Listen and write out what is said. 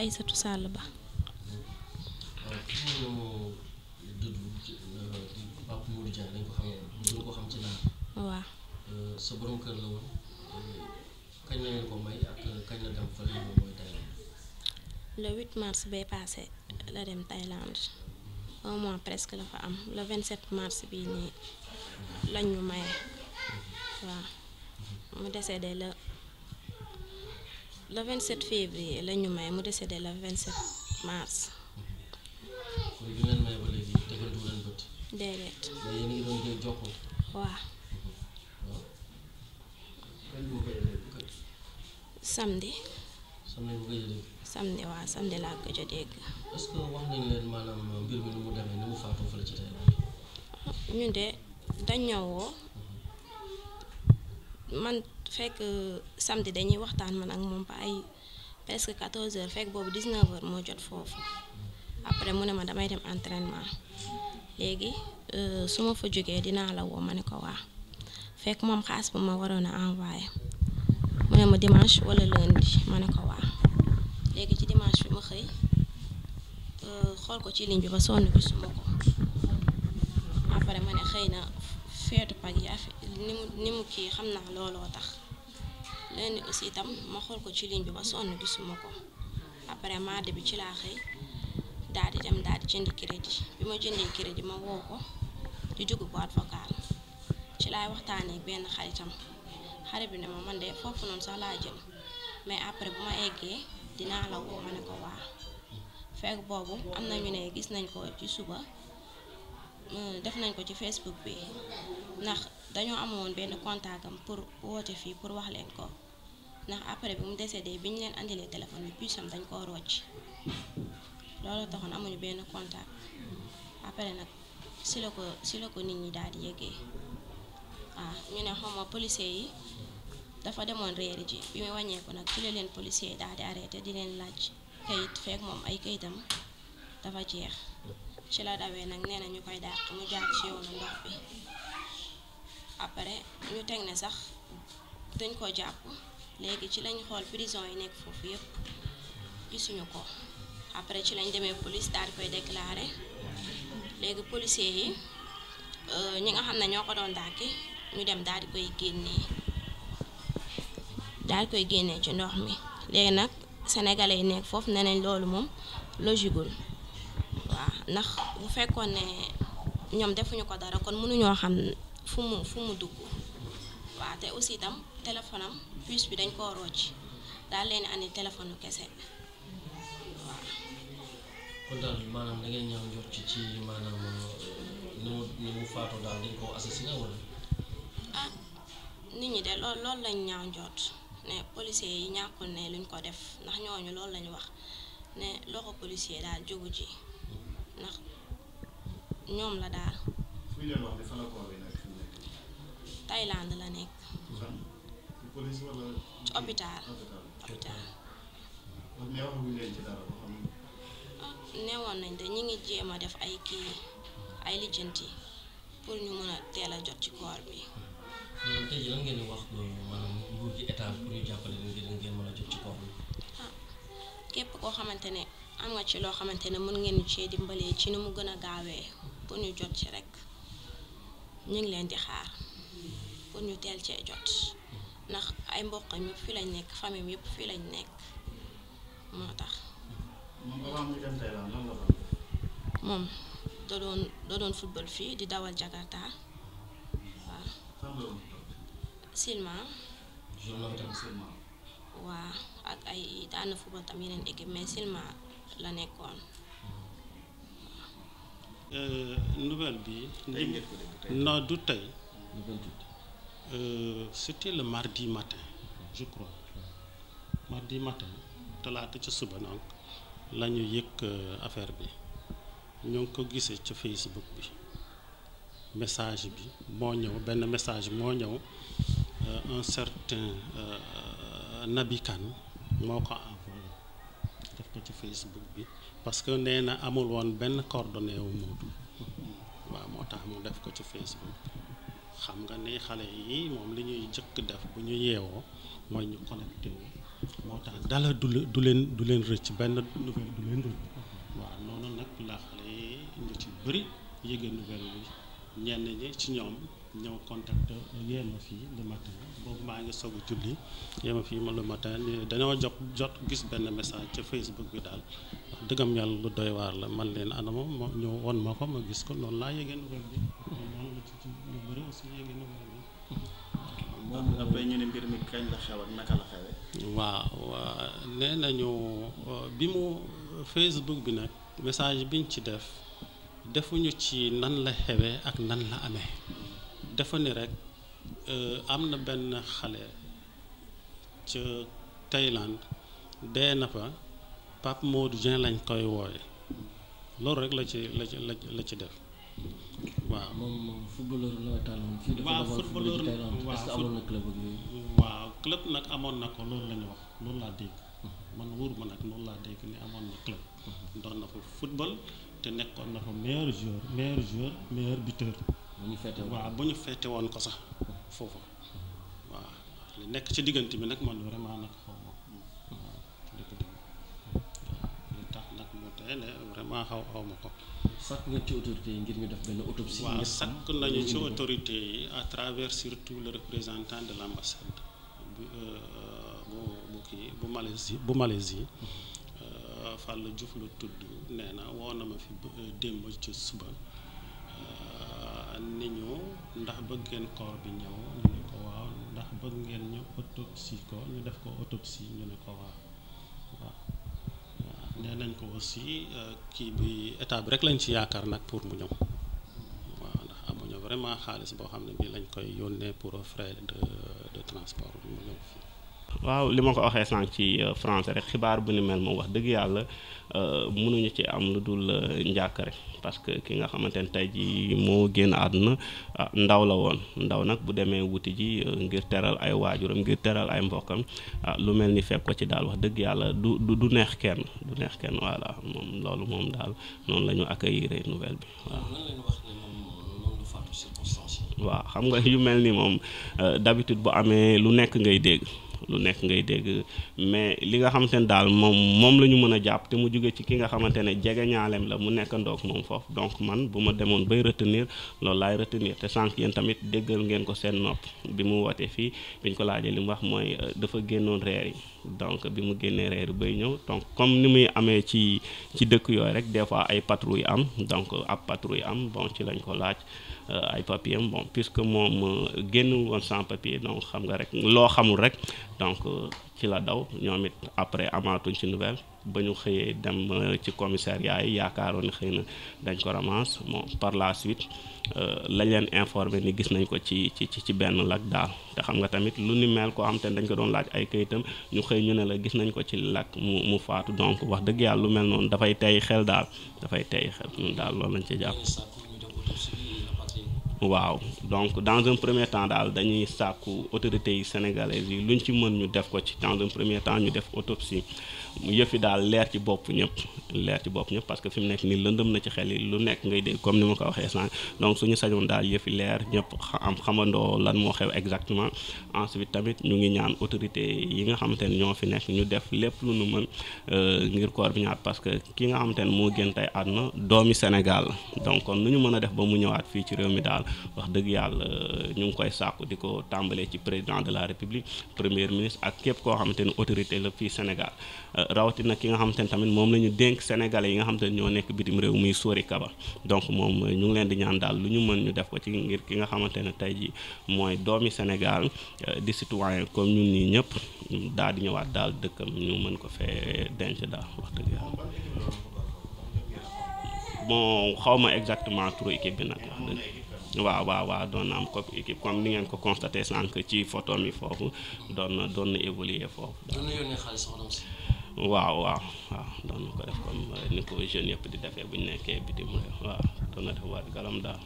Aïssatou Sall Ba. waaw. sa borom kër la woon kañ la ko may ak kañ la dem fa la mooy Thaïlande. le 8 mars bay passé la dem Thaïlande un presque la fa am le 27 mars bii nii lañ ñu maye waaw mu décédé la. le 27 février la ñu may mu décédé le 27 mars. muy bi leen may ba du leen bët. waaw. samedi. samedi bu waaw samedi laa gëj a dégg. ñu de dañ ñëwoo man. fekk euh, samedi dañuy waxtaan man ak moom ba ay presque 14 heures fekk boobu 19 heures moo jot foofu après mu ne ma damay dem entrainement léegi euh, su ma fa jógee dinaa la woo ma ne ko waa fekk moom xaas bu ma waroon a envoyé mu ne ma dimanche wala lundi ma ne ko waa léegi ci dimanche bi ma xëy euh, xool ko ci ligne bi ba sonn gisuma ko après ma ne xëy na feetu pag yaa fi ni mu ni mu kii xam naa looloo tax lenn aussi itam ma xool ko ci ligne bi ma sonn gisuma ko après mardi bi ci laa xëy daal di dem daal di jënd crédit bi ma jëndee crédit ma woo ko di dugg boîte vocale ci laay waxtaanee benn xaritam xarit bi ne ma man de foofu noonu sax laa jëm mais après bu ma eggee dinaa la woo ma ne ko waa fekk boobu am na ñu ne gis nañ ko ci suba. Euh, def nañ ko ci Facebook bi ndax dañoo amoon benn contact am pour woote fii pour wax leen ko ndax après bi mu décédé bi ñu leen andilee téléphone bi puissam dañ koo rocc loolu taxoon amuñu benn contact après nag si la ko si la ko nit ñi daal di yëgee waaw ah, ñu ne xawma policier yi dafa demoon réer ji bi muy wàññeeku nag ci la leen policier daal di arrêté di leen laaj kayit feek moom ay kayitam dafa jeex ci la dawee nag nee na ñu koy dàq mu jaar ci yoonu ndox bi après ñu teg ne sax dañ koo jàpp léegi ci lañ xool prison yi nekk foofu yëpp gisuñu ko après ci lañ demee police daal di koy déclaré léegi policier yi euh, ñi nga xam ne ñoo ko doon dàkki ñu dem daal di koy génnee daal di koy génnee ci ndox mi léegi nag sénégale yi nekk foofu ne nañ loolu moom logigul ndax bu fekkoon ne ñoom defuñu ko dara kon mënuñoo xam fu mu fu mu dugg waaw te aussi itam téléphone am bi dañ koo rocc daal leen andi téléphone kese waaw. kon daal ci euh, ah nit ñi de lool loolu lañ ñaaw njoot ne policiers yi ñàkkul ne luñ ko def ndax ñooñu loolu lañ wax ne loxo policier daal jógu ci. ndax ñoom la daal. fu la koor bi nekk. Thaïlande la nekk. Ah, nañ de ñu ngi jéem a def ay kii ay lijjanti pour ñu mën a teel a jot ci koor bi. loolu hmm, tey lan ngeen di wax maanaam nguur gi état pour ñu jàppale leen ngeen mën jot ci koor bi. Ah, képp koo xamante ne. am nga ci loo xamante ne mën ngeen cee dimbale ci nu mu gën a gaawee pour ñu jot ci rek ñu ngi leen di xaar pour ñu teel cee jot ndax ay mboqam yëpp fii lañ nekk famille yëpp fii lañ nekk moo tax. moom da doon da doon football fii di dawal Jakarta waaw. Silma. waaw ak ay daan na football tam yeneen équipe mais Silma. la euh, nouvelle bi. tey non du tey. Euh, c'était le mardi matin talaata ci suba donc la ñu yëg euh, affaire bi ñoo ngi ko gisee ci Facebook bi message bi moo ñëw benn message moo ñëw un certain Nabi moo ko. ko ci Facebook bi parce que nee na amul woon benn coordonnée wu Moodu moo tax mu def ko ci Facebook xam nga ni xale yi moom li ñuy jëkk def bu ñu yeewoo mooy ñu connecté moo tax dala du leen du leen rëcc benn nouvelle du leen rëcc waaw noonu nag la xale yi ñu ci bëri yëge nouvelle bi ñenn ñi ci ñoom ñëw contact yéen ma fii le matin boobu maa ngi soog a julli yéen ma fii ma le matin dañoo jot jot gis benn message ca Facebook bi daal wax dëggam yàlla lu doy waar la man leen anama ma ñëw woon ma ko ma gis ko noonu laa yëgee nouvelle bi ñu bëri aussi yëgee bi après ñu la xew ak naka la xewee waaw nee nañu euh, bi mu Facebook bi nag message biñ ci def ñu ci nan la xewee ak nan la amee dafa ni rek euh, am na benn xale ca Thaïlande dee na fa Pape Modou Dieng lañ koy wooye loolu rek la ci la ci la ci def waaw. moom footballeur la tànnoon fii dafa footballeur est-ce que amoon na club ak yooyu waaw club nag amoon na ko loolu la ñu wax loolu laa dégg mhm. man wóor ma nag loolu laa dégg ni amoon na club mhm. doon na fa football. te nekkoon na fa meilleur joueur meilleur joueur meilleur buteur. bu ñu feete woon waaw bu ñu feete woon ko sax foofu waaw li nekk ci diggante bi nag man vraiment nag xaw tax nag mu tey ne vraiment xaw xaw ma ko. sàkk nga ci autorité yi ngir ñu def benn autopsie. waaw sàkk nañu ci autorité yi à travers surtout le représentant de l' ambassade bu euh, bu bu kii bu Malaisie bu mhm. Fallou Diouf la tudd nee na woo na ma fi euh, démb ci suba euh, ni ñu ndax bëgg ngeen corps bi ñëw ñu ne ko waaw ndax bëgg ngeen ñu autopsie ko ñu def ko autopsie ñu ne ko waaw waaw nee nañ ko aussi euh, kii bi état bi rek lañ ci yaakaar nag pour mu ñëw waaw ndax amuñu vraiment xaalis boo xam ne bii lañ koy yónnee pour frais de transport mu ñëw fii waaw li ma ko waxee sànq ci euh, français rek xibaar bu ni mel moom wax dëgg yàlla euh, mënuñu ci am lu dul euh, njàkkare parce que ki nga xamante ne tey jii moo génn àdduna ah, ndaw la woon ndaw nag bu demee wuti ji ngir teral ay waajuram ngir teral ay mbokkam ah, lu mel ni fekk ko ci daal wax dëgg yàlla du du du neex kenn du neex kenn voilà moom loolu moom daal noonu lañu ñu accueillir nouvelle bi waaw. xam nga yu mel ni moom d'habitude bu amee lu nekk ngay dégg. lu nekk ngay dégg mais li nga xamante ne daal moom moom la ñu mën a jàpp te mu jóge ci ki nga xamante ne jege ñaaleem la mu nekk ndoog moom foofu donc man bu ma demoon bay retenir loolu laay retenir te sànq yéen tamit déggal ngeen ko seen nopp bi mu wootee fii biñ ko laajee li mu wax mooy euh, dafa génnoon reer yi donc bi mu génnee reer yi bay ñëw donc comme ni muy amee ci ci dëkk yooyu rek des fois ay patrouille am donc ab patrouille am bon ci lañ ko laaj Euh, ay papier bon puisque moom euh, génn woon sans papier donc xam nga rek loo xamul rek donc euh, ci la daw ñoom it après amaatuñ ci nouvelle ba ñu xëyee dem ci commissariat yi yaakaaroon ne xëy na dañ ko ramasse bon par la suite lañ leen informé ni gis nañ ko ci ci ci benn lak daal te xam nga tamit lu ni mel koo xam te dañ ko doon laaj ay kayitam ñu xëy ñu ne la gis nañ ko ci lak mu mu faatu donc wax dëgg yàlla lu mel noonu dafay tey xel daal dafay tey xel ñun daal loolu lañ ci jàpp waaw donc dans un premier temps daal dañuy sàkku autorités yi sénégalaises yi luñ ci mën ñu def ko ci dans un premier temps ñu def autopsie mu yëfi daal leer ci bopp ñëpp leer ci bopp parce que fi mu nekk nii lëndëm na ci xel yi lu nekk ngay dégg comme ni ma ko waxee sànq donc suñu sañoon daal yëfi leer ñëpp am xamandoo lan moo xew exactement ensuite tamit ñu ngi ñaan autorité yi nga xamante ne ñoo fi nekk ñu def lépp lu nu mën euh, ngir koor bi ñaat parce que ki nga xamante ne moo gën tey àdduna doomi Sénégal donc kon nu ñu mën a def ba mu ñëwaat fii ci réew mi daal wax dëgg yàlla euh, ñu ngi koy sàkku di ko tàmbalee ci président de la république premier ministre ak képp koo xamante ne autorité la fii Sénégal rawatina ki nga xamante ne tamit moom la ñu dénk sénégalais yi nga xamante ne ñoo nekk bitim réew muy Sori Kaba donc moom ñu ngi leen di ñaan daal lu ñu mën ñu def ko ci ngir ki nga xamante ne tey ji mooy doomi Sénégal euh, di citoyen comme ñu nii ñëpp daal di ñëwaat daal dëkkam ñu mën ko fee denc daal wax dëgg yàlla bon xaw ma exactement turu équipe bi nag waaw waaw waaw doon na am ko équipe comme ni ngeen ko constaté sànq ci photo mi foofu doon na doon na évoluer foofu. waaw waaw waaw doon nu ko def comme euh, ni ko jeunes yëpp di defee bu ñu nekkee bitim réew waaw doon na def waat galam daal